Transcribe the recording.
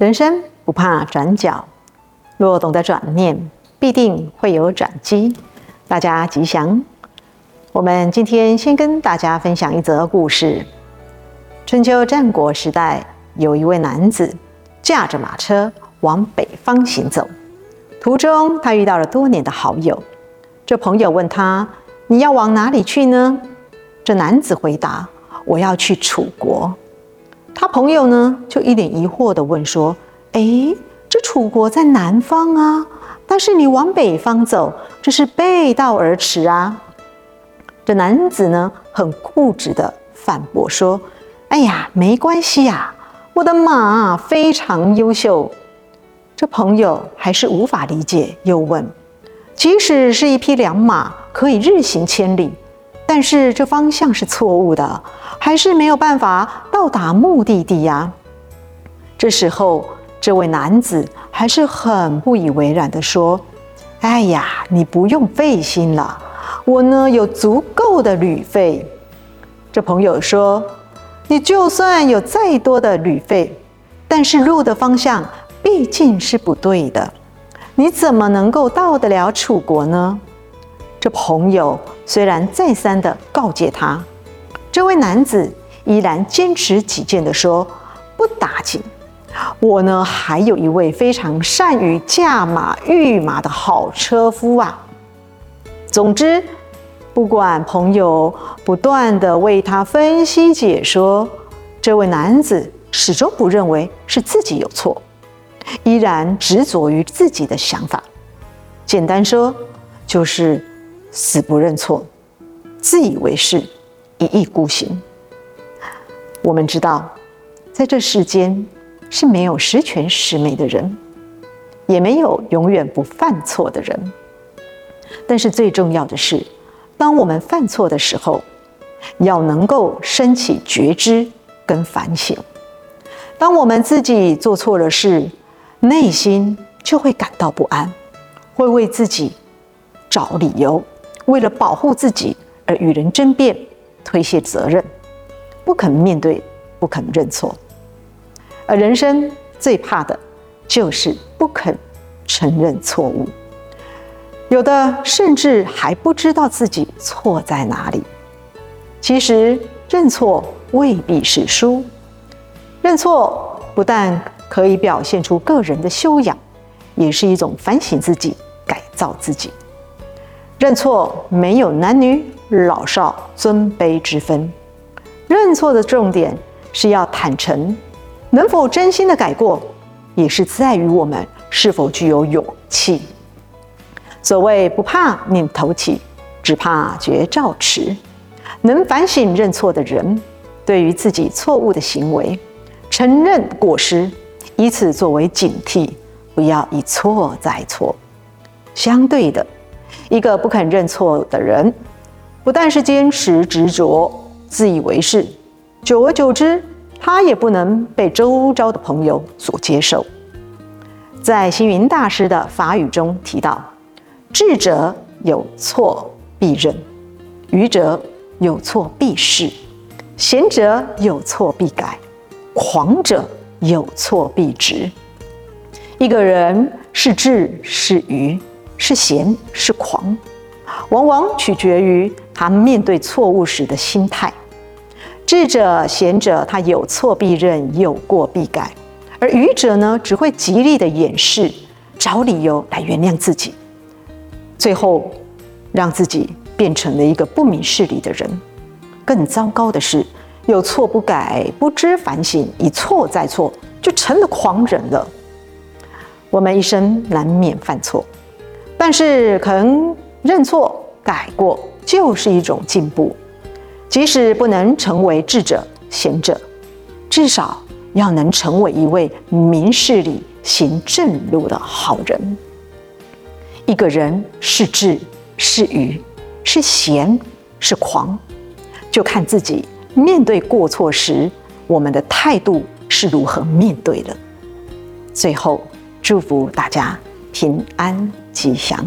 人生不怕轉角，若懂得轉念，必定會有轉機。大家吉祥。我們今天先跟大家分享一則故事。春秋戰國時代，有一位男子駕着馬車往北方行走，途中他遇到了多年的好友。這朋友問他：“你要往哪裡去呢？”這男子回答：“我要去楚國。”他朋友呢，就一臉疑惑地問說：“哎，這楚國在南方啊，但是你往北方走，這是背道而馳啊。”這男子呢，很固執地反駁說：“哎呀，沒關係呀、啊，我的馬非常優秀。”這朋友還是無法理解，又問：“即使是一匹良馬，可以日行千里。”但是這方向是錯誤的，還是沒有辦法到達目的地呀。這時候，這位男子還是很不以為然地說：“哎呀，你不用費心了，我呢有足夠的旅費。”這朋友說：“你就算有再多的旅費，但是路的方向畢竟是不對的，你怎麼能夠到得了楚國呢？”這朋友雖然再三地告誡他，這位男子依然堅持己見地說：“不打緊，我呢還有一位非常善於駕馬御馬的好車夫啊。”總之，不管朋友不斷地為他分析解說，這位男子始終不認為是自己有錯，依然執着於自己的想法。簡單說，就是。死不認錯，自以為是，一意孤行。我們知道，在這世間是沒有十全十美的人，也沒有永遠不犯錯的人。但是最重要的是，當我們犯錯的時候，要能夠升起覺知跟反省。當我們自己做錯了事，內心就會感到不安，會為自己找理由。為了保護自己而與人爭辯、推卸責任，不肯面對、不肯認錯，而人生最怕的就是不肯承認錯誤。有的甚至還不知道自己錯在哪裡。其實，認錯未必是輸，認錯不但可以表現出個人的修養，也是一種反省自己、改造自己。認錯沒有男女老少尊卑之分，認錯的重點是要坦誠，能否真心的改過，也是在於我們是否具有勇氣。所謂，不怕念頭起，只怕覺照遲。能反省認錯的人，對於自己錯誤的行為，承認過失，以此作為警惕，不要一錯再錯。相對的，一個不肯認錯的人，不但是堅持執着、自以為是，久而久之，他也不能被周遭的朋友所接受。在星雲大師的法語中提到：“智者有錯必認，愚者有錯必飾，賢者有錯必改，狂者有錯必執。”一個人是智是愚？是賢是狂，往往取決於他面對錯誤時的心態。智者、賢者，他有錯必認，有過必改；而愚者呢，只會極力的掩飾，找理由來原諒自己，最後讓自己變成了一個不明事理的人。更糟糕的是，有錯不改，不知反省，一錯再錯，就成了狂人了。我們一生難免犯錯。但是肯認錯、改過，就是一種進步。即使不能成為智者、賢者，至少要能成為一位明事理、行正路的好人。一個人是智是愚，是賢是狂，就看自己面對過錯時，我們的態度是如何面對的。最後，祝福大家平安。吉祥。